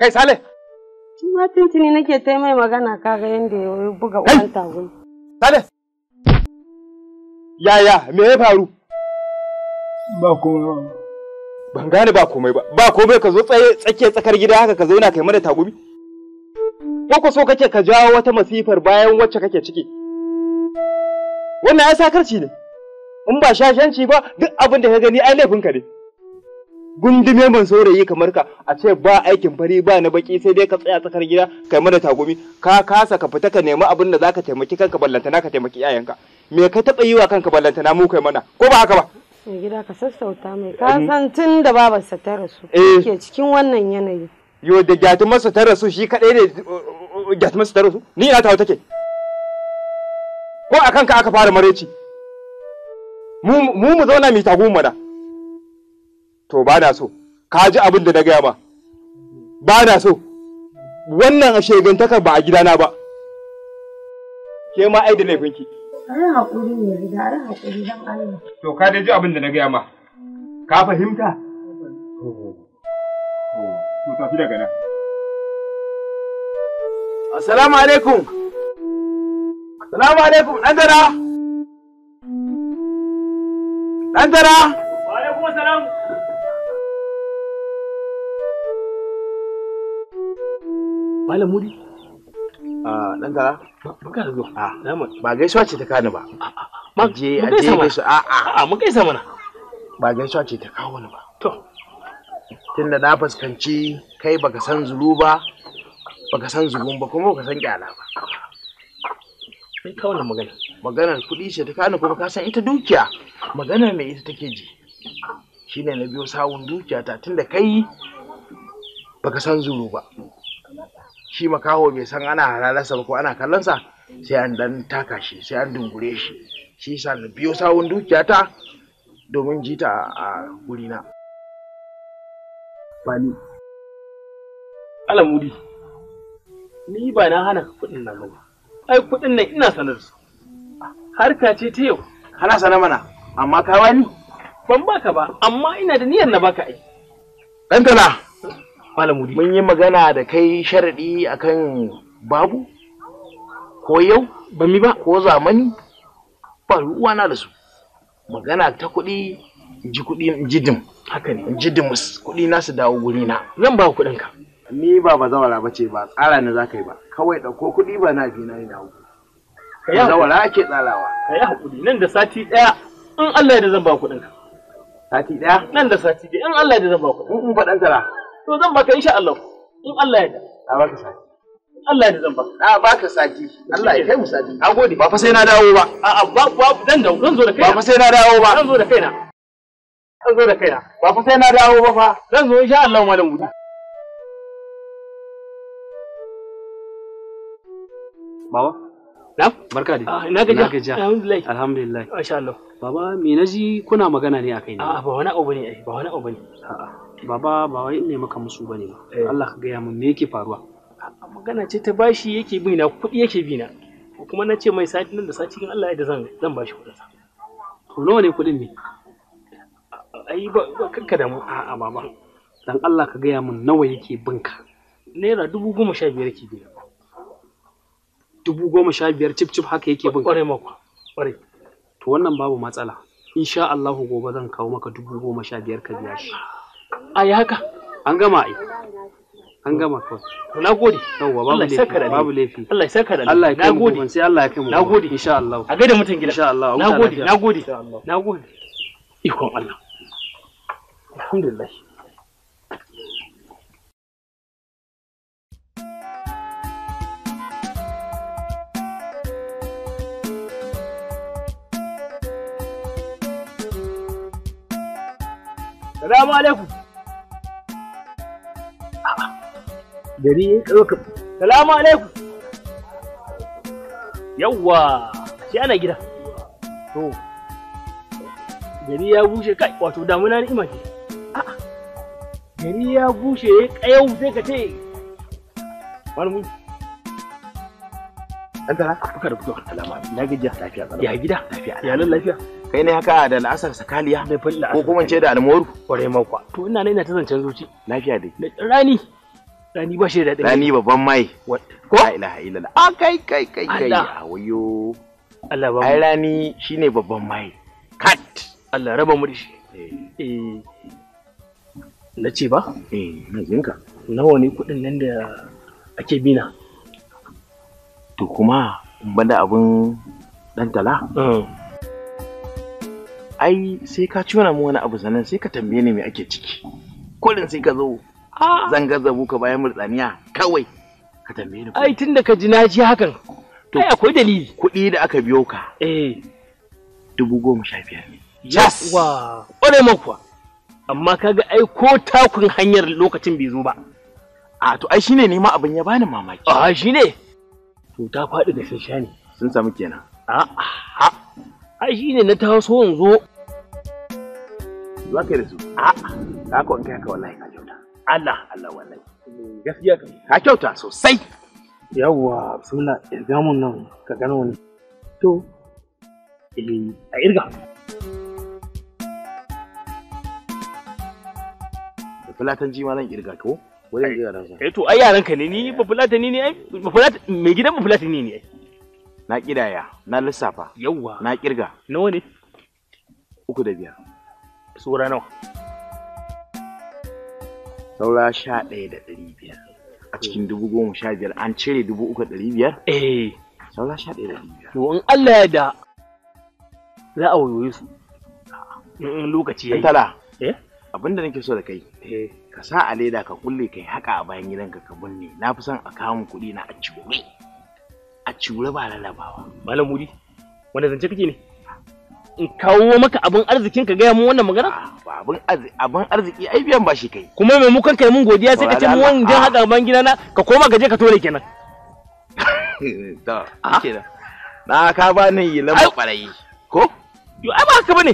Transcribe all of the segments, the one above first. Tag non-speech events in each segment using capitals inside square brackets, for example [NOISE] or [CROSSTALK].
Kai Sale. Tuma tuntuni nake ta mai magana ga yanda ya buga uwan tagun. Sale. Yaya me ya faru? Ba komai Ban gane ba komai ba. Ba komai ka zo tsaye tsakiyar tsakar gida haka ka zauna kai mana tagumi. Ko ko so kake ka jawo wata masifar bayan wacce kake ciki. Wannan ya sakarci ne. In ba shashanci ba duk abin da ka gani ai laifinka ne. gundume ban saurayi kamar ka a ce ba aikin fari ba na baki sai dai ka tsaya tsakar gida kai mana tagumi ka kasa ka fita ka nemi abin da zaka taimaki kanka ballantana ka taimaki iyayenka me ka taba yi wa kanka ballantana mu kai mana ko ba haka ba mai gida ka sassauta mai ka san tun da babarsa ta rasu eh. ke cikin wannan yanayi yo da gyatumarsa ta rasu shi kadai ne uh, uh, gyatumarsa ta rasu ni ina tawo take ko a kanka aka fara mareci mu mu zauna mu tagumi mana to ba na so ka ji abin da na gaya ma ba na so wannan a shegantakar ba a gidana ba ke ma ai da laifinki ai hakuri ne gida ai hakuri dan Allah to ka dai ji abin da na gaya ma ka fahimta to tafi daga nan assalamu alaikum assalamu alaikum dan dara dan dara wa alaikum assalam Malam Mudi? Ah, baka ah. Ba gaisuwa ce ta kani ba. Aje aje gaisuwa. A'a. Mun gaisa mana. Ba gaisuwa ce ta kawo ni ba. To. Tunda na fuskanci kai baka san zulu ba, baka san zugun ba kuma baka san kyala ba. magana. Maganar kuɗi ce ta kani kuma ka san ita dukiya. Maganar me ita take ji. Shine na biyo sawun dukiya ta tunda kai baka san zulu ba. shi makaho mai san ana halalarsa ba ko ana kallonsa sai an dan taka shi sai an dungure shi shi sa na biyo sawun dukiyata domin jita a gurina bani alamudi ni ba na hana ka kuɗin nan ba ai kuɗin nan ina sanar su harka ce ta yau kana sanar mana amma ka wani ban baka ba amma ina da niyyar na baka ai ɗan malam mun yi magana da kai sharadi akan babu ko yau ba mi ba ko zamani ba ruwa na da su magana ta kuɗi ji kuɗi jidim haka ne jidimus kuɗi na su dawo guri na zan ba kuɗin ka ni ba ba zawara ba ce ba tsara ne za ka yi ba kawai ɗauko kuɗi ba na bi na yi dawo zawara ake tsarawa ka yi haƙuri nan da sati ɗaya in Allah ya da zan ba kuɗin ka sati ɗaya nan da sati ɗaya in Allah ya da zan ba kuɗin in faɗan tara to zan baka insha Allah in Allah ya da a baka sati Allah ya da zan baka a baka sati Allah ya kai mu sati a gode ba fa sai na dawo ba a a ba ba dan da zan zo da kai ba fa sai na dawo ba zan zo da kaina zan zo da kaina ba fa sai na dawo ba fa zan zo insha Allah malam gudu Baba? Na'am? Barka da ah, Na gajiya. Na gajiya. Alhamdulillah. Alhamdulillah. Masha Allah. Baba, me naji kuna magana ne akai ne? A'a, ba wani abu ne, ba wani abu ne. A'a. baba ba wai ne maka musu bane ba eh. Allah ka gaya min me yake faruwa magana ce ta bashi yake bi na kuɗi yake bi na kuma na ce mai sati nan da sati in Allah ya da zan zan bashi kuɗin sa to nawa ne kuɗin ne ai ba kanka da mu a'a baba dan Allah ka gaya min nawa yake binka? naira dubu goma sha biyar yake bi na dubu goma sha biyar cip-cip haka yake binka. kwarai maka kwarai to wannan babu matsala insha Allah gobe zan kawo maka dubu goma sha biyar ka biya shi a yi haka an gama ai an gama kawai na gode yawwa babu laifi babu laifi Allah ya saka da Allah ya kai mu sai Allah ya kai mu na gode insha Allah a gaida mutum gida insha Allah na gode na gode na gode ikon Allah alhamdulillah Salamu alaikum. gari ya ɗauka salamu alaikum yawwa shi ana gida to gari ya bushe kai wato damuna ni'ima ce a'a gari ya bushe ya kayau sai ka ce malamu dan tara baka da fitowa alama na gajiya lafiya ya gida lafiya ya nan lafiya kai ne haka da la'asar sakaliya ko kuma ce da almoru kwarai makwa to ina ne ina ta zancen zuci lafiya dai rani Rani ba shi da daɗin. Rani babban mai. Ko? La ilaha illallah. A ah, kai kai kai kai. A wayo. Allah ba. Ai rani shine babban mai. Kat. Allah raba mu da shi. Eh. eh. Na ce ba? Eh, na jinka. Nawa ne kuɗin nan da ake bina? To kuma ban da abun dan tala? Mm. Ai sai ka ci mu wani abu sannan sai ka tambaye ni me ake ciki. Kullum sai ka zo zan gaza ka bayan murtsaniya kawai ka tambaye ni ai tunda ka ji na ji hakan to akwai dalili kuɗi da aka biyo ka eh dubu goma sha biyar ne yes wa ƙware makuwa amma kaga ai ko takun hanyar lokacin bai zo ba a to ai shine ne ma abin ya bani mamaki a shine to ta faɗi da shan ne sun samu kenan a a ai shine na taso yanzu za ka yi da su a a ka kwanka ka wallahi ka kyauta Allah Allah wallahi gaskiya ka ka kyauta sosai yawwa suna ilzamun nan ka gano wani to eh a irga da fulatan ji ma nan irga ko wajen irga nan eh to ai yaran ka ne ni ba fulatani ne ai ba fulat mai gidan ba fulatani ne ai na kidaya na lissafa yawwa na kirga nawa ne uku da biyar sura nawa saura sha ɗaya da ɗari biyar a cikin dubu goma sha biyar an cire dubu uku ɗari biyar eh saura sha ɗaya da ɗari biyar to in Allah ya da za a wayoyi su in lokaci ya yi tala eh? abin da nake so da kai eh. ka sa a leda ka kulle kai haka a bayan gidanka ka binne na fi son a kawo kuɗi na a cure a cure ba lalabawa malam wanda zance kake ne in kawo maka abin arzikin ka gaya mun wannan magana? Ah, abin arziki abin arziki ai biyan ba shi kai. Kuma mukan kai mun godiya sai ka ce mun wani jan ah. ban gina na ka koma gaje ka tore [LAUGHS] ah. kenan. Na ka ba ni yilan ɓarayi. Ko? Yo ai ba haka bane.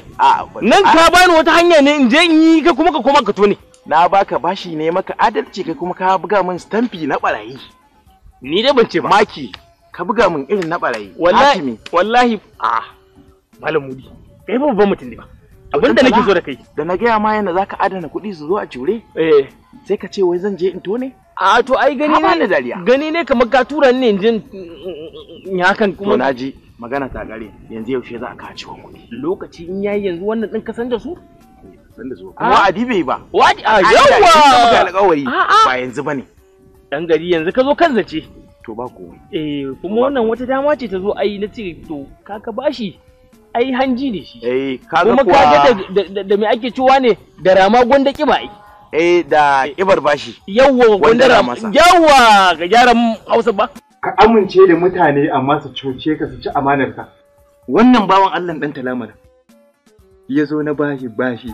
Nan ka bani wata hanya ne in je in yi ka kuma ka koma ka tone. Na baka bashi ne maka adalci kai kuma ka buga min stampi na ɓarayi. Ni dai ban ce ba. Maki ka buga min irin na ɓarayi. Wallahi wallahi ah malam mudi kai ba babban mutum ne ba abin da nake so da kai da na gaya ma yana zaka adana kuɗi su zo a jure eh sai ka ce wai zan je in tone a to ai gani ne dariya gani ne kamar ka tura ni ne in hakan kuma to naji magana ta gare yanzu yaushe za ka ci kuɗi lokaci in yayi yanzu wannan din ka san da su san da su kuma adi bai ba wadi a yawa alƙawari ba yanzu bane dan gari yanzu ka zo kan zace to ba komai eh kuma wannan wata dama ce ta zo ai na ce to kaka bashi ai hanji ne shi eh kaga kuma kaga da me ake ciwa ne da rama gwanda kiba ai eh da kibar bashi yawwa gwanda rama yawwa ga gyaran Hausa ba ka amince da mutane amma su cuce ka su ci amanar ka wannan bawan Allah dan talamar ya zo na bashi bashi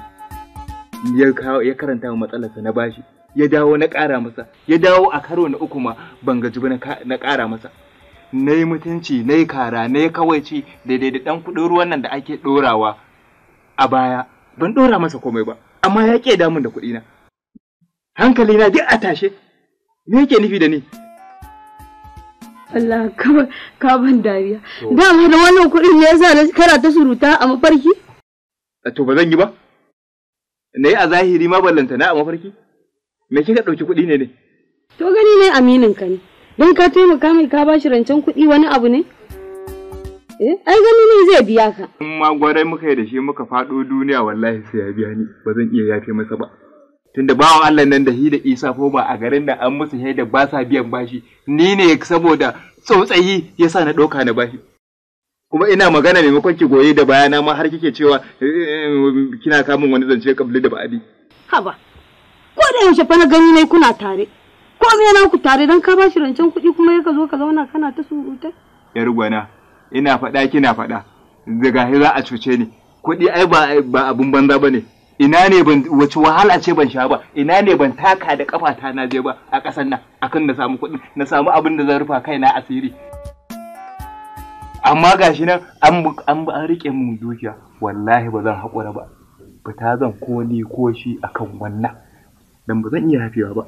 ya karanta matsalarsa na bashi ya dawo na ƙara masa ya dawo a karo na uku ma ban gaji na ƙara masa na yi mutunci na yi kara na yi kawai ci daidai da ɗan kuɗin ruwan nan da ake ɗorawa a baya ban ɗora masa komai ba amma ya ƙi damun da kuɗina na duk a tashe me yake nufi da ni Allah ka ban dariya dama da wannan kuɗin ne yasa na kara ta suruta a mafarki to ba zan yi ba na yi a zahiri ma ballantana a mafarki me kika ɗauki kuɗi ne ne to gani ne aminin ka ne Don ka taimaka mai ka bashi rancen kuɗi wani abu ne? Eh, ai gani ne zai biya ka. In ma gwarai muka yi da shi muka faɗo duniya wallahi sai ya biya ni ba zan iya yafe masa ba. Tunda bawa Allah nan da da Isa ko ba a garin da an musu shaida ba sa biyan bashi ni ne saboda tsautsayi sa na ɗauka na bashi. kuma ina magana maimakon ki goye da bayana ma har kike cewa eh, eh, eh, kina kamun wani zance kabli da ba'adi. Haba, ko da yaushe fa na gani ne kuna tare. me na ku tare dan ka bashi rancen kuɗi kuma yaka zo ka zauna kana ta surutai. Yar gwana, ina faɗa kina faɗa, daga za a cuce ni, kuɗi ai ba abun banza bane ne. Ina ne ban wace wahala ce ban sha ba, ina ne ban taka da kafata na je ba a ƙasar nan akan na samu kuɗi, na samu abin da zan rufa kaina asiri. Amma gashi nan an rike mun dukiya, wallahi ba zan haƙura ba. Fita zan ko ni ko shi akan wannan, dan ba zan iya hafewa ba.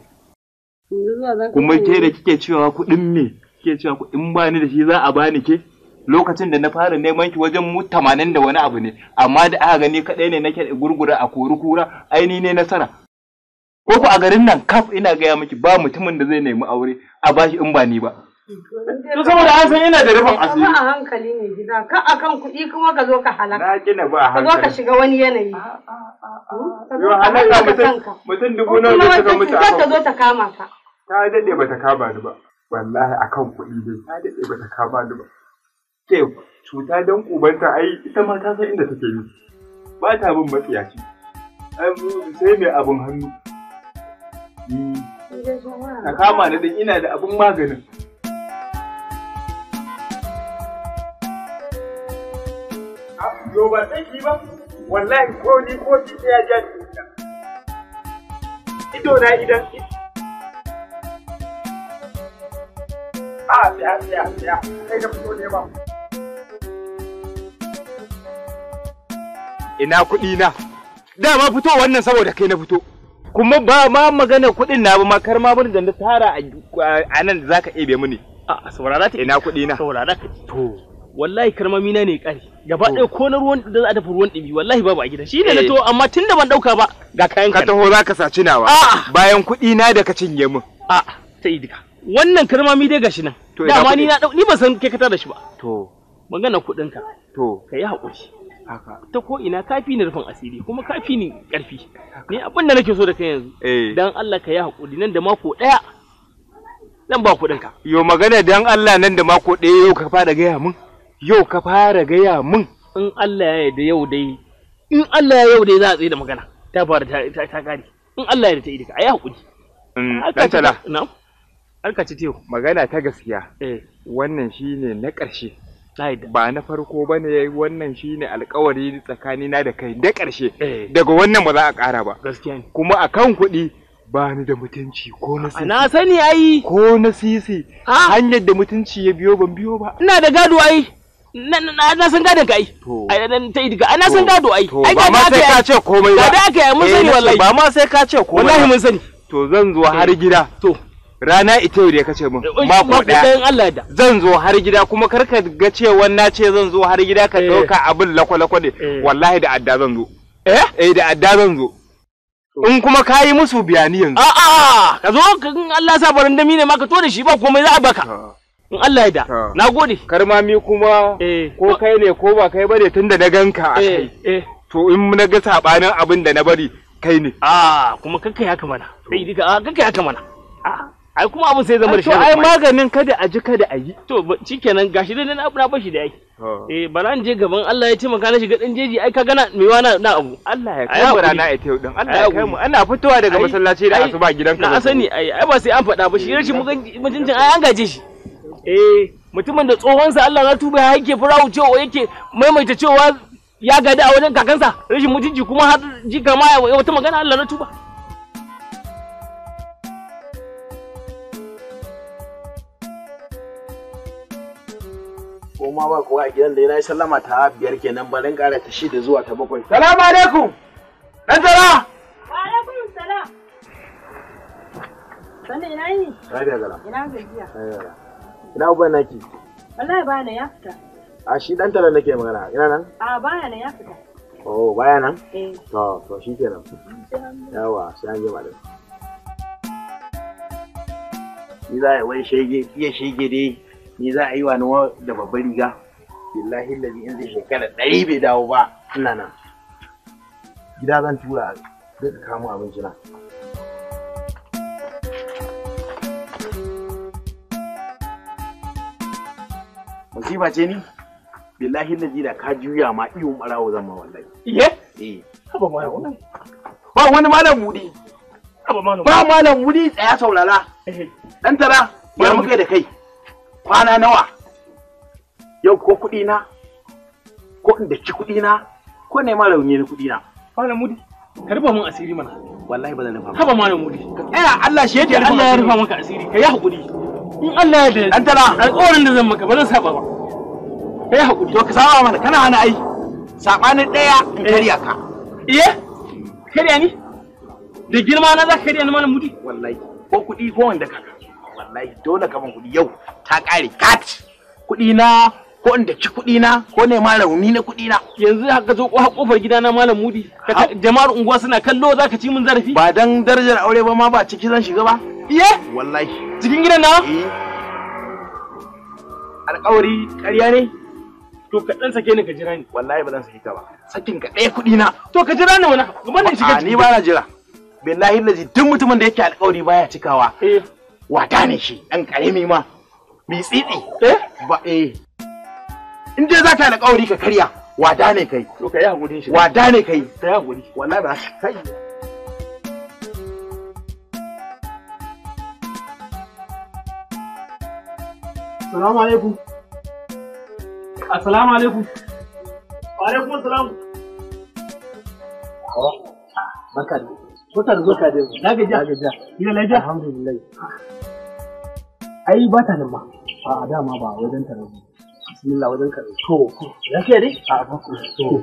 kuma ke da kike cewa kuɗin me kike cewa kuɗin ba ni da shi za a bani ke lokacin da na fara neman ki wajen mu tamanin da wani abu ne amma da aka gani kaɗai ne nake gurgura a kori kura aini ne nasara ko ku a garin nan kaf ina gaya miki ba mutumin da zai nemi aure a bashi in ba ni ba To saboda an san ina da rufin asiri. Ba a hankali ne gida, ka akan kuɗi kuma ka zo ka halaka. Na gina ba hankali. Ka zo ka shiga wani yanayi. Hmm? Yo halaka mutum mutum dubu na ne suka mutu a zo ta kama ka. ta daɗe ba ta kama ni ba wallahi akan kuɗi dai ta daɗe ba ta kama ni ba ke cuta don kubanta ai ita ma ta san inda take ni ba ta bin matsiyaci sai mai abin hannu ta kama ni din ina da abin maganin ah, yo ba tsaki ba wallahi ko ni ko ki ya ja ido na idan Ah, a fito ne ba ina kuɗi na dama fito wannan saboda kai na fito kuma ba ma magana kuɗin na ba makar ma bani da na tara a nan da zaka ebe mini a saurara ta ina kuɗi na saurara ta to wallahi karmami na ne kare gaba ɗaya ko na ruwan da za a dafa ruwan ɗimi wallahi babu a gida shine na eh. to amma tun da ban ɗauka ba ga kayan ka taho zaka saci nawa bayan kuɗi na da ka cinye min a sai idika wannan kalmami dai gashi nan dama ni na ni ban san kai ka da shi ba to magana kudin ka to kai hakuri haka ta ko ina kafi ni rufin asiri kuma kafi ni karfi ni abin da nake so da kai yanzu eh. dan Allah ka yi hakuri nan da mako daya zan ba kudin ka yo magana dan Allah nan da mako daya yau ka fara gaya mun yau ka fara gaya mun in Allah ya yarda yau dai in Allah ya yau dai za a tsaye da magana ta fara ta kare in Allah ya yarda ta yi duka ayi mm, hakuri dan tala na'am alkaci tiyo magana ta gaskiya eh. wannan shine na ƙarshe ba na farko ba ne wannan shine alkawari tsakanina da kai da ƙarshe eh. daga wannan ba za a ƙara ba kuma a kan kuɗi ba ni da mutunci ko na sisi na sani ai ko na sisi hanyar da mutunci ya biyo ban biyo ba ina da gado ai na san gadon ka ai ta idiga na san gado ai ai ba ma sai ka ce komai ba da aka mun sani eh, wallahi ba ma sai ka ce komai wallahi mun sani to zan zo har gida to rana ita yau da ya kace min eh, mako daya zan zo har gida kuma kar ka ga cewa na ce zan zo har gida ka dauka eh. abin lakwalakwa ne eh. wallahi da adda zan zo eh eh da adda zan zo in kuma ka yi musu bayani yanzu a'a ka zo in Allah sa barin dami ne ma ka to da shi ba komai za a baka in Allah ya da na gode mi kuma ko kai ne ko ba kai bane tunda na ganka a kai to in na ga sabanin abin da na bari kai ne a ah, kuma kanka ya kamana kai dika a ah, kanka ya kamana a'a ah. ai kuma abin sai zama da shi ai maganin kada a ji kada a yi to shikenan gashi dai na na bashi da yake oh. eh bara je gaban Allah ya taimaka na shiga dan jeji ai ka gana me wa na abu Allah ya kai mu rana ai tayo din Allah ya kai mu ana fitowa daga masallaci da asuba gidan ka na sani ai ai ba sai an faɗa ba shi rashin mutuncin ai an gaje shi eh mutumin da tsohonsa Allah na tuba ya yake fara o yake maimaita cewa ya gada a wajen kakansa rashin mutunci kuma har jika ma wata magana Allah na tuba ko ma ba kowa a gidan da yana sallama ta biyar kenan ba don ƙara ta shida zuwa ta bakwai salamu alaikum dan tsara wa alaikum salam sani ina yi lafiya gara ina gajiya ina uban naki wallahi ba na ya fita a shi dan tara nake magana ina nan a ba na ya fita oh baya nan eh to to kenan, mm, yawa sai an jima da ni za a yi wani shege iya shege dai ni za a yi wa nawa da babbar riga billahi lalli in zai shekara ɗari bai dawo ba ina nan gida zan tura duka kamo abinci na musiba ce ni billahi lalli da ka juya ma iyo marawo zan ma wallahi iye eh haba ma wannan ba wani malam buɗe ba malam buɗe tsaya saurara dan tara ya muke da kai kwana nawa yau ko kuɗi na ko in ci kuɗi na ko ne ma rauni na kuɗi na malam mudi ka rufa mun asiri mana wallahi ba zan rufa haba malam mudi eh Allah shi yake Allah ya rufa maka asiri ka yi hakuri in Allah ya da an tara alƙawarin da zan maka ba zan saba ba ka yi hakuri to ka saba mana kana hana ai sabanin daya in eh. kariya ka iye eh? kariya ni da girma na za ka kariya ni malam mudi wallahi ko kuɗi ko wanda ka wallahi dole ka ban kuɗi yau ta ƙare kat kuɗi na ko inda ci kuɗi na ko ne ma rauni na kuɗi na yanzu haka zo ko kofar gida na malam mudi jama'ar unguwa suna kallo zaka ci min zarafi ba dan darajar aure ba ma ba ciki zan shiga ba iye wallahi cikin gidan na eh. alƙawari ƙarya ne to ka dan sake ni ka jira ni wallahi ba zan sake ka ba sakin ka ɗaya kuɗi na to ka jira ni wani gaban nan shiga ni ba na jira billahi lazi duk mutumin da yake alƙawari baya cikawa eh. wata ne shi ɗan ƙarami ma mai tsitsi eh? ba eh in dai za ka ƙauri ka karya wada ne kai to kai hakuri shi wada ne kai kai hakuri wallahi ba kai Assalamu alaikum. Assalamu alaikum. Wa alaikum assalam. Barka da wata da zo ka da yau na gaji a gaji ina lafiya alhamdulillah ai ba ta nan ma a dama ba wajen ta rabu bismillah wajen ka to lafiya dai a ba ku to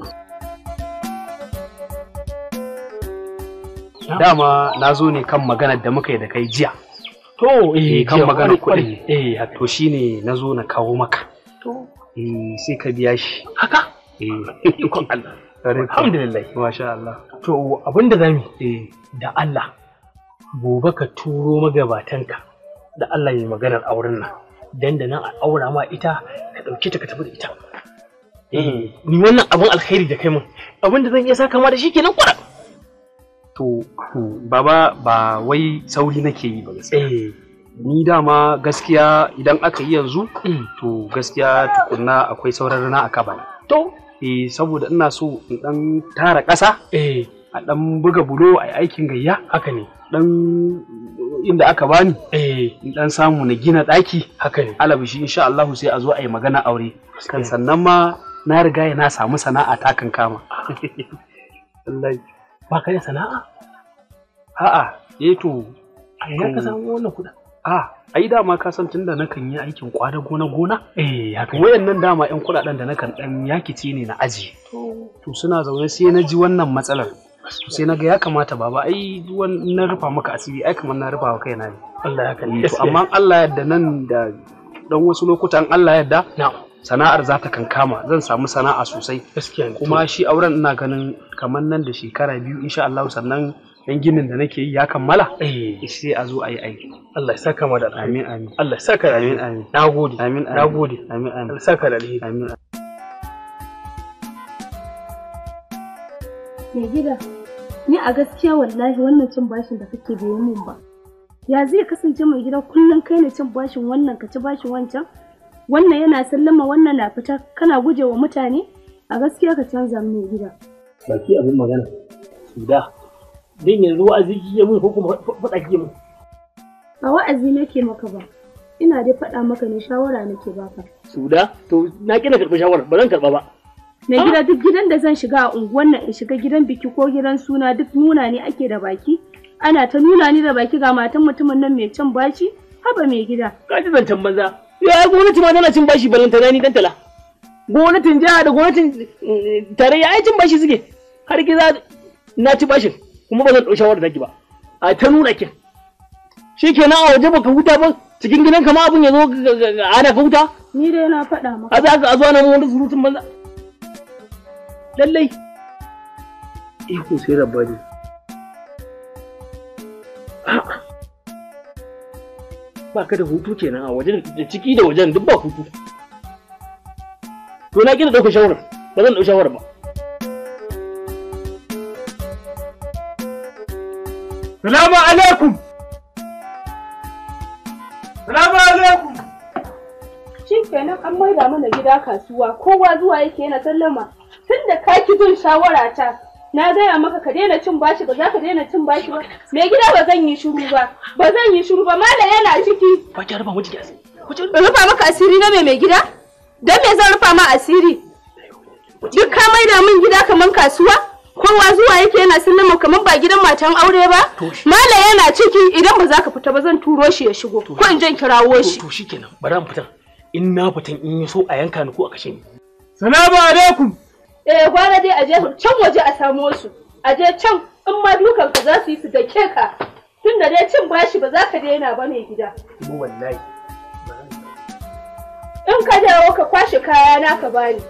dama na zo ne kan maganar da muka yi da kai jiya to eh, eh kan maganar kuɗi eh to shine na zo na kawo maka to eh, sai ka biya shi haka eh [LAUGHS] ikon Allah alhamdulillah masha Allah to abinda zamu yi. Eh. da Allah gobe ka turo magabatanka da Allah ya maganar auren nan dan da nan a aura ma ita ka dauke ta ka tafi da ita eh. mm. ni wannan abin alkhairi da kai mun da zan iya saka ma da shi kenan kwara to baba ba wai sauri nake yi ba eh. ni dama gaskiya idan aka yi yanzu mm. to gaskiya tukunna akwai sauran rana a kabana to eh saboda ina so in dan tara ƙasa eh a dan buga bulo a aikin gayya haka ne dan inda aka bani eh in dan samu na gina ɗaki haka ne alabishi insha Allah sai a zo a yi magana aure kan sannan ma na riga na samu sana'a ta kan kama [LAUGHS] Allah ba kai sana'a a'a eh to ai ka samu wannan kuɗin a ai dama ka san tunda na kan yi aikin kwada gona gona eh haka wayannan dama yan kuɗaɗen da nakan ɗan dan yakice ne na aji to suna zaune sai na ji wannan matsalar sai na ga ya kamata baba ai duwan na rufa maka asiri ai kamar na rufa wa na. ne Allah ya kalli to amma Allah yadda nan da dan wasu lokutan Allah yadda sana'ar za ta kankama zan samu sana'a sosai kuma shi auren ina ganin kamar nan da shekara biyu insha Allah sannan Ɗan ginin da nake yi ya kammala eh. sai a zo a yi aiki Allah ya saka mu amin amin Allah ya saka amin amin nagode amin nagode amin amin Allah ya saka da amin amin ya gida ni a gaskiya wallahi wannan cin bashin da kake bai min ba ya zai kasance mai gida kullum kai ne cin bashin wannan ka ci bashin wancan wannan yana sallama wannan na fita kana gujewa mutane a gaskiya ka canza mai gida baki abin magana da don yanzu wa'azi kike mun hukum faɗa kike mun ba wa'azi nake maka ba ina dai faɗa maka ne shawara nake baka suda to na kina karɓi shawara ba zan karɓa ba na ah! gida duk gidan da zan shiga a unguwan nan in shiga gidan biki ko gidan suna duk nuna ne ake da baki ana ta nuna ni da baki ga matan mutumin nan mai can bashi haba mai gida ka ji zancen banza ya gwamnati ma tana cin bashi balantana ni dan tala gwamnatin jiha da gwamnatin eh, tarayya ai cin bashi suke har za na ci bashin kuma ba zan ɗau shawarar daki ba a ta nuna kin shi kenan a waje ba ka huta ba cikin gidan kama abin ya zo ga ana ka huta ni dai na faɗa maka a za ka zuwa nan wani surutun banza lallai iko sai rabba ne ba ka da hutu kenan a wajen da ciki da wajen duk ba hutu to na da ɗauka shawarar ba zan ɗau shawarar ba Salamu alaikum! Salamu alaikum! Shi kenan an maida mana gida kasuwa kowa zuwa yake yana sallama tun da ka ki jin shawara ta na gaya maka ka daina cin bashi ba za ka daina cin bashi ba mai gida ba zan yi shiru ba ba zan yi shiru ba malam yana ciki ba ki rufa miki asiri ba rufa maka asiri na mai mai gida dan me zan rufa ma asiri duk ka maida min gida kaman kasuwa kowa zuwa yake yana mu kamar ba gidan matan aure ba mala yana ciki idan ba za ka fita ba zan turo shi ya shigo ko in jan kirawo shi to shikenan bari an fita in na fitan in yi so a yanka ni ko a kashe ni salamu alaikum eh gwana dai aje can waje a samo su aje can in ma dukan ka za su yi su da ke ka tun dai cin bashi ba za ka daina ba mai gida wallahi in ka dawo ka kwashe kaya na ka bani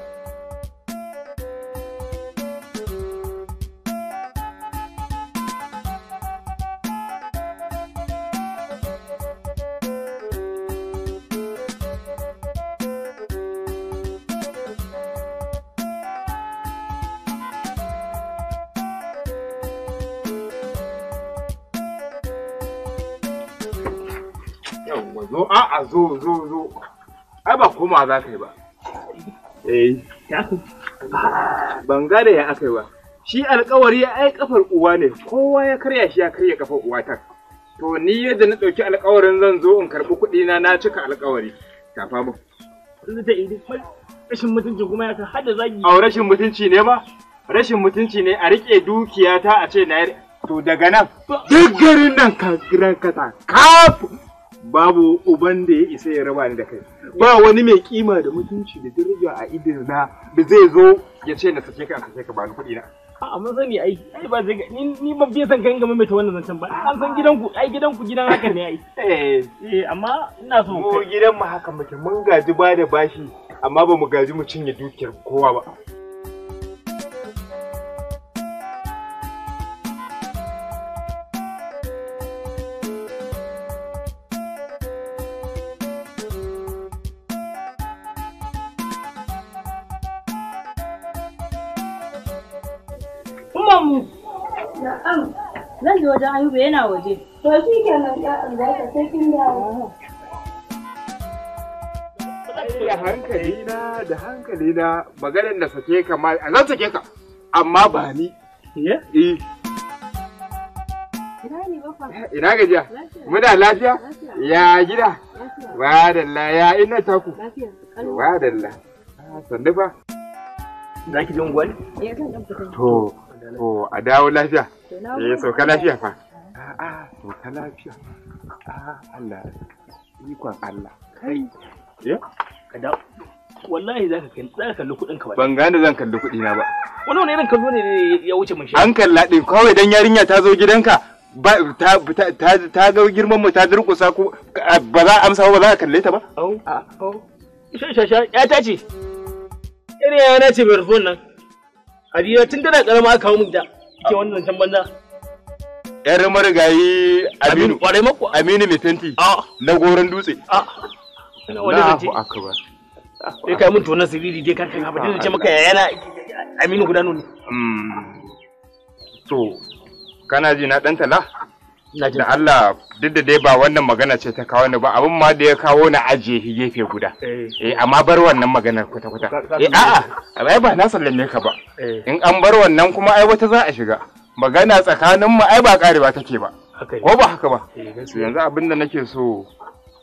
zo zo zo ai ba koma za ka yi ba eh ban gane ya aka yi ba shi alkawari ai kafar uwa ne kowa ya karya shi ya karya kafar uwa ta to ni yadda na ɗauki alkawarin zan zo in karɓi kuɗi na na cika alkawari tafa mu rashin mutunci kuma ya hada zagi a rashin mutunci ne ba rashin mutunci ne a riƙe dukiyata a ce na to daga nan duk garin nan ka ranka ta kafu babu uban da ya isa ya raba ni da kai ba wani mai kima da mutunci da daraja a idin na da zai zo ya ce na sake ka na sake ka ba ni kuɗi na a amma sani ai ai ba zai ni ni ba bai san kan ga mai wannan zancen ba an san ku ai ku gidan haka ne ai eh eh amma ina so mu gidan mu haka muke mun gaji ba da bashi amma ba mu gaji mu cinye dukiyar kowa ba ne wajen Ayuba yana waje. To shi kenan ya ka sai kin dawo. Da hankali na da hankali na maganar da sake ka ma a zan sake ka amma ba ni. Eh. Ina gajiya? Muna lafiya? Ya gida? Wadalla ya ina taku? Wadalla. Ah, Sandu fa? Za ki je unguwa ne? Eh, to, to a dawo lafiya. eh sauka lafiya fa a'a sauka lafiya a'a Allah ikon Allah kai eh ka da wallahi za ka kalli kuɗin ka ban gane zan kalli kuɗi na ba wani wani irin kallo ne ya wuce mun shi an kalla din kawai dan yarinya ta zo gidanka ba ta ta ta ga girman mu ta durƙusa ko ba za a amsa ba za a kalle ta ba au au sha sha sha ya ta ce irin yana ce mai rufon nan Hadiya tun tana ƙarama, aka kawo mu gida kike wannan can banza yar marigayi aminu kwarai mako aminu mai fenti na goron dutse aka ba. sai kai mun tona siriri dai karkan haba dai ce maka yana aminu gudanu ne hmm. to kana ji na dan tala da Allah duk da dai ba wannan magana ce ta kawo ni ba abin ma da ya kawo na ajiye shi gefe guda eh, eh amma bar wannan maganar kwata kwata eh a'a ai ba na sallame ka ba eh. in an bar wannan kuma ai wata za a shiga magana tsakanin mu ai ba ba take ba ko ba haka ba eh, yanzu abin da nake so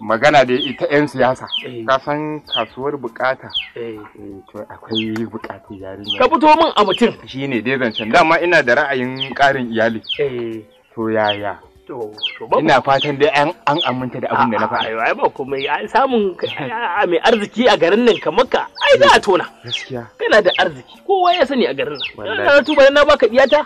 magana da ita 'yan siyasa ka san kasuwar bukata to akwai bukatu yarinya ka fito min a mutum shine dai zancen dama ina da ra'ayin karin iyali to yaya ina fatan dai an an aminta da abin da na faɗa ai ba kuma ai samun mai arziki a garin nan kamar ka ai za a tona gaskiya kana da arziki kowa ya sani a garin nan na tuba na baka gaskiya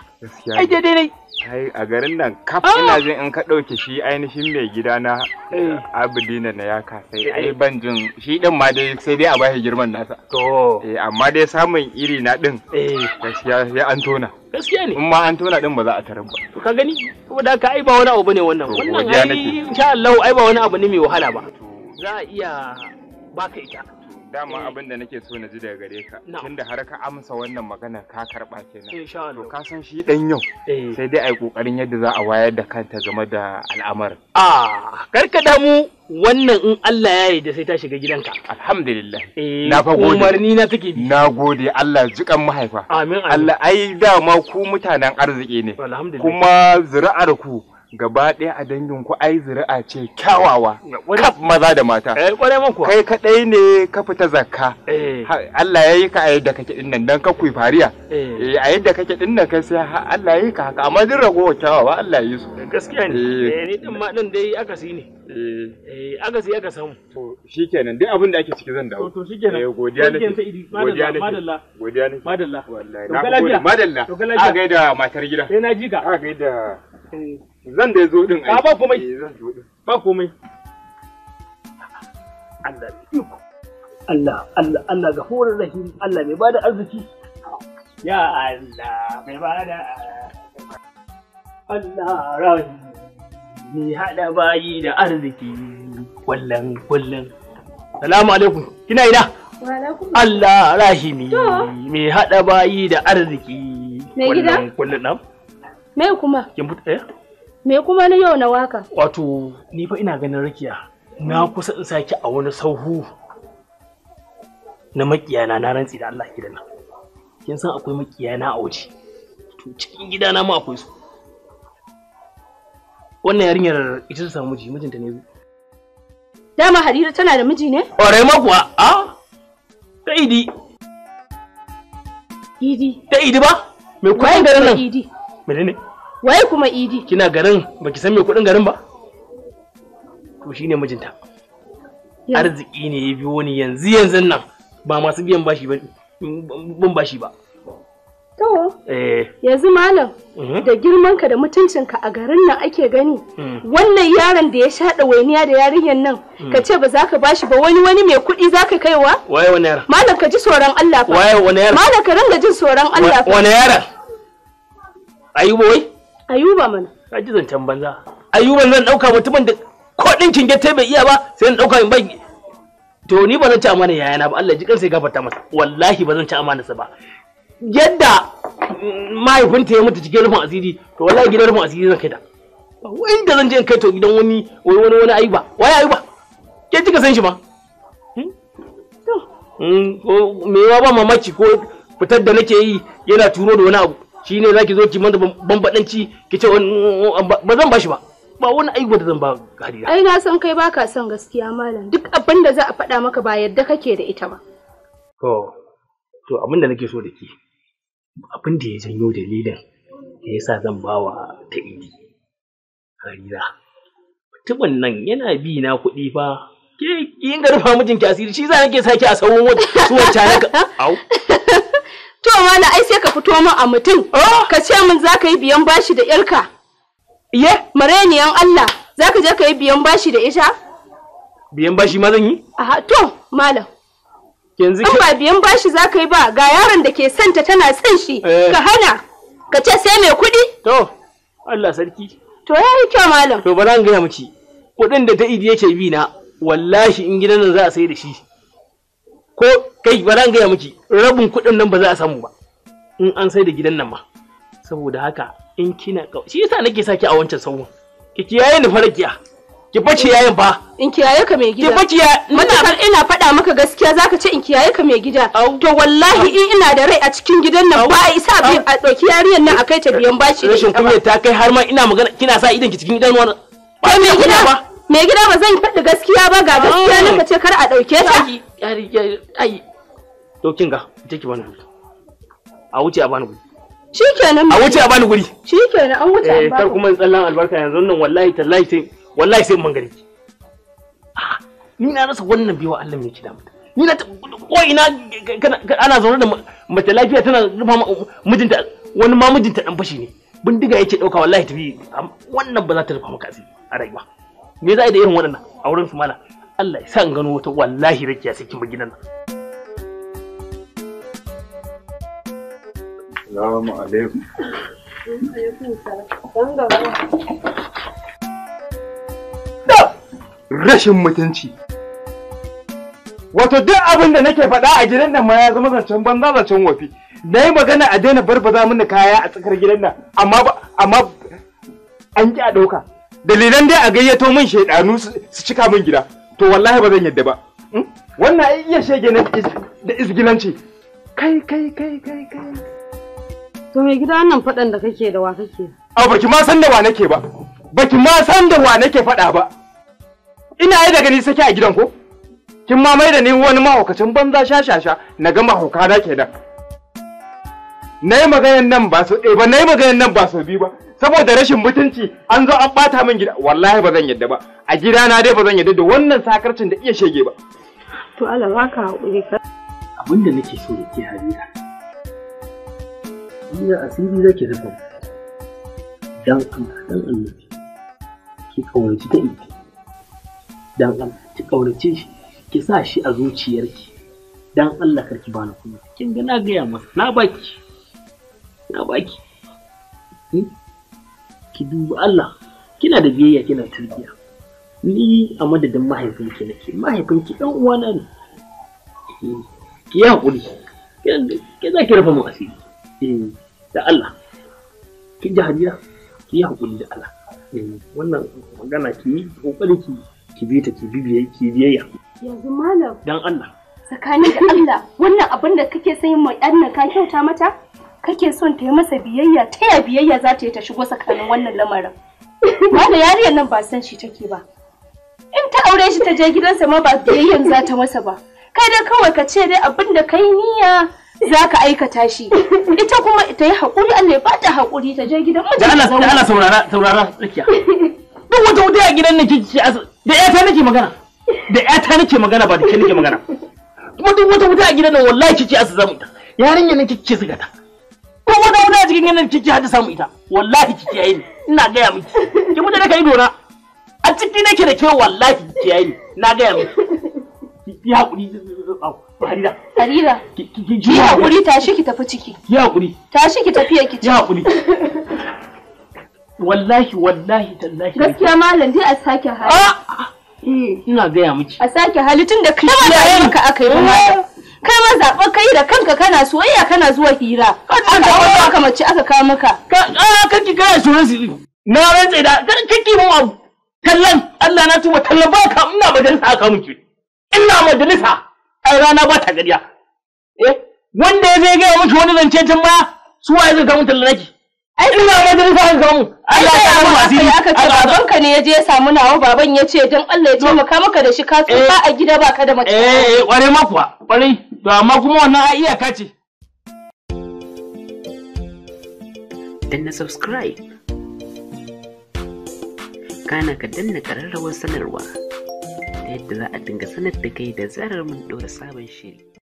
ai daidai ne ai a garin nan kaf ah! ina jin in ka ɗauke shi ainihin mai gida na eh. abudina na ya kasa eh, eh. ai ban jin shi din ma dai sai dai a bashi girman nasa to eh amma dai samun iri na din eh gaskiya sai an tona gaskiya ne in ma an tona din ba za a tarar ba to ka gani saboda ka ai ba wani abu bane wannan wannan ai insha Allah ai ba wani abu ne mai wahala ba za a iya baka ita dama eh. abin da nake so na ji daga gare ka tunda har ka amsa wannan magana ka karba kenan to ka san shi dan yau eh. sai dai ai kokarin yadda za a wayar da kanta game da al'amar ah karkada mu wannan in Allah ya yarda sai ta shiga gidanka alhamdulillah eh, na fa gode umarni na take na gode Allah jikan mahaifa amin Allah ai dama ku mutanen arziki ne kuma zuri'ar ku gaba ɗaya a dangin ku ai zuri'a ce kyawawa kaf maza da mata eh, kai kadai ne ka fita zakka eh. Allah ya yi ka a yadda kake din nan dan ka kuyi fariya eh. a yadda kake din nan kai sai Allah ya yi ka haka amma rago ragowa kyawawa Allah ya yi su gaskiya ne ni din ma din dai akasi ne eh akasi aka samu to shikenan duk abin da ake ciki zan dawo to shikenan godiya ne godiya ne madalla godiya ne madalla wallahi madalla to ga lafiya a matar gida sai na ji ka a da. Zan da ya zo din ai. Ba komai. Eh, ba komai. Allah iko. Allah Allah Allah ga horar rahim Allah mai bada arziki. Ya Allah mai bada Allah rai ni hada bayi da arziki wallan wallan. Salamu alaikum. Kina ina? Allah rahimi mai hada bayi da arziki. Me gida? Kullun nan. Me kuma? Kin fita eh? Me kuma na yau na waka? Wato, ni fa ina ganin rakiya. Na kusa in saki a wani sauhu na makiyana na rantsi da Allah gidan nan. Kin san akwai makiyana a waje. To cikin gidana ma akwai su. Wannan yarinyar ita ta samu miji, mijinta ne. Dama Harira tana da miji ne? Ore ma kuwa, a? Ta idi. Idi. Ta idi ba? Me kuma garin nan? Idi. Menene? waye kuma idi kina garin baki san me kudin garin ba to shine mijinta arziki ne ya biyo ni yanzu yanzu nan ba masu biyan bashi ba bin bashi ba to eh. yanzu malam mhm. da girmanka da mutuncinka a garin nan ake gani hmm. wannan yaron da ya shaɗa ɗawainiya da yarinyan nan hmm. ka ce ba za ka bashi ba wani wani mai kuɗi za ka kaiwa waye wani yaron malam ka ji tsoron Allah fa waye wani yaron malam ka ringa jin tsoron Allah fa wani yaron ayuba wai Ayuba mana. Ka ji zancen banza. Ayuba zan ɗauka mutumin da ko ɗinkin gete bai iya ba sai in ɗauka in bai. To ni ba zan ci amana ya'ya na ba Allah ji kansa ya gafarta masa. Wallahi ba zan ci amanarsa ba. Yadda mahaifinta ya mutu cikin rufin asiri to wallahi gidan rufin asiri zan kai ta. Inda zan je in kai to gidan wani wani wani wani ayuba. Wai ayuba? Ke kika san shi ma? Hmm? Hmm, me yawa ba mamaki ko fitar da nake yi yana turo da wani abu. shi ne za ki zo ki manta bambadanci ki ce ba zan bashi ba ba wani aiki da zan ba Khadija ai na san kai baka son gaskiya malam duk abin da za a faɗa maka ba yadda kake da ita ba to to abin da nake so da ki abin da ya janyo dalilin da yasa zan bawa ta idi Khadija mutumin nan yana bi na kuɗi fa ke yin garfa mijinki asiri shi za nake saki a sauran wata suwar canaka au To wala ai sai ka fito min a mutum. Oh! Ka ce min za ka yi biyan bashi da 'yarka. Ye? Mareniyan Allah za ka je ka yi biyan bashi da ita? Biyan bashi ma zan yi? Aha to malam. Yanzu In ba biyan bashi za ka yi ba ga yaron da ke santa tana son shi eh. ka hana ka ce sai mai kuɗi. To Allah sarki. To ya yi kyau malam. To ba za gaya miki kuɗin da ta idi yake bi na wallahi in gidan nan za a sai da shi. ko kai ba zan gaya miki rabin kuɗin nan ba za a samu ba in an sai da gidan nan ma saboda haka in kina kau shi yasa nake saki a wancan sauwan ki kiyaye ni farakiya ki bace yayin fa in kiyaye ka mai gida ki bace muna ina faɗa maka gaskiya zaka ce in kiyaye ka mai gida to wallahi in ina da rai a cikin gidan nan ba a isa bi a ɗauki yariyar nan a kai ta biyan bashi rashin kunya ta kai har ma ina magana kina sa idan ki cikin gidan wani ba mai gida ba mai gida ba zan faɗi gaskiya ba ga gaskiya naka ce kar a ɗauke ta yari ai to kin ga je ki bani guri a wuce a bani guri shikenan a wuce a bani guri shikenan an wuce a eh, kar kuma tsallan albarka yanzu nan wallahi tallahi sai wallahi sai mun gari ah, ni na rasa wannan biwa Allah me ki mutum ni na ko ina ana zaune da mace lafiya tana rufa mijinta wani ma mijinta dan fashi ne bindiga yake dauka wallahi tafi wannan ba za ta rufa maka a rayuwa me za a yi da irin waɗannan a wurin su mala Allah ya san gano wata wallahi rakiya sai kin bi gidan nan Assalamu alaikum Rashin mutunci Wato duk abin da nake faɗa a gidan nan ma ya zama zancen banza zancen wafi. Na yi magana a daina barbaza mini kaya a tsakar gidan nan amma amma an ƙi a ɗauka. Dalilan dai a gayyato min shaidanu su cika min gida. to wallahi ba zan yadda ba hmm? wannan ai iya shege ne da isgilanci kai kai kai kai kai to me gida wannan fadan da kake da wa kake a baki ma san da wa nake ba baki ma san da wa nake fada ba ina ai daga ni sake a gidan ko kin ma mai da ni wani mahaukacin banza shashasha na ga mahauka na kenan na yi maganan nan ba sau ɗaya ba na yi nan ba biyu ba saboda rashin mutunci an zo an ɓata min gida wallahi ba zan yadda ba a gida na dai ba zan yadda da wannan sakarcin da iya shege ba. to Allah ba ka haƙuri ka. Abinda nake so ya ke harira da asiri zake rufa dan Allah dan Allah ki kaurace ta ita dan Allah ki kaurace shi ki sa shi a zuciyarki dan Allah karki bani kuma kin ga na gaya masa na baki na baki hmm? ki duba Allah kina da biyayya kina tarbiya ni a madadin mahaifinki nake mahaifinki dan uwana ne hmm. ki yi hakuri ke za ki rufe mu asiri hmm. da Allah ki ji hajiya ki yi hakuri da Allah wannan magana ki yi kokari ki ki bi ta ki biyayya ki biyayya yanzu malam dan Allah tsakanin da Allah wannan abin da kake sayin mai ɗan nan ka kyauta mata kake son ta yi masa biyayya ta ya biyayya za ta yi ta shigo tsakanin wannan lamarin wanda yariyar nan ba san shi take ba in ta aure shi ta je gidansa ma ba biyayyan za ta masa ba kai dai kawai ka ce dai abin da kai niyya za ka aikata shi ita kuma ta yi haƙuri Allah ya ba ta haƙuri ta je gidan mu da zauna Allah saurara saurara tsakiya duk wata wuta a gidan nan kike da ƴata nake magana da ƴata nake magana ba da ke nake magana kuma duk wata wuta a gidan nan wallahi kici asu zamu ta yarinya nake kici zuga ta ko wata wani a cikin yanar kiki hada samu ita wallahi kiki yayi ni, ina gaya miki ki mutu ka yi dona a ciki nake da ke wallahi kiki yayi ni, na gaya miki ki hakuri Farida. Farida. Ki haƙuri, tashi ki tafi ciki. Ki haƙuri. Tashi ki tafi ki Ki haƙuri. Wallahi wallahi tallahi. Gaskiya malam dai a sake hali. Ah, ah, ah. Ina gaya miki. A sake hali tun da kai ya maka aka yi ba. kai ma zaɓa kai da kanka kana soyayya kana zuwa hira an ta wani aka mace aka kawo maka kanki kana soyayya su na rantse da kanki mun abu tallan Allah na tuba tallan ba ka ina majalisa aka miki ina majalisa ai rana ba ta gariya eh wanda ya zai gaya miki wani zance tun ba su waye zai kamun tallan naki ai ina majalisa aka kamu Allah ya kamu asiri aka ce babanka ne ya je ya samu nawa baban ya ce dan Allah ya taimaka maka da shi ka tsufa eh. a gida ba ka da mace eh eh kware eh, ma kuwa kwarai To amma kuma wannan a iyaka ce. Danna subscribe. Kana ka danna ƙararrawar sanarwa ta yadda za a dinga sanar da kai da zarar mun ɗora sabon shiri.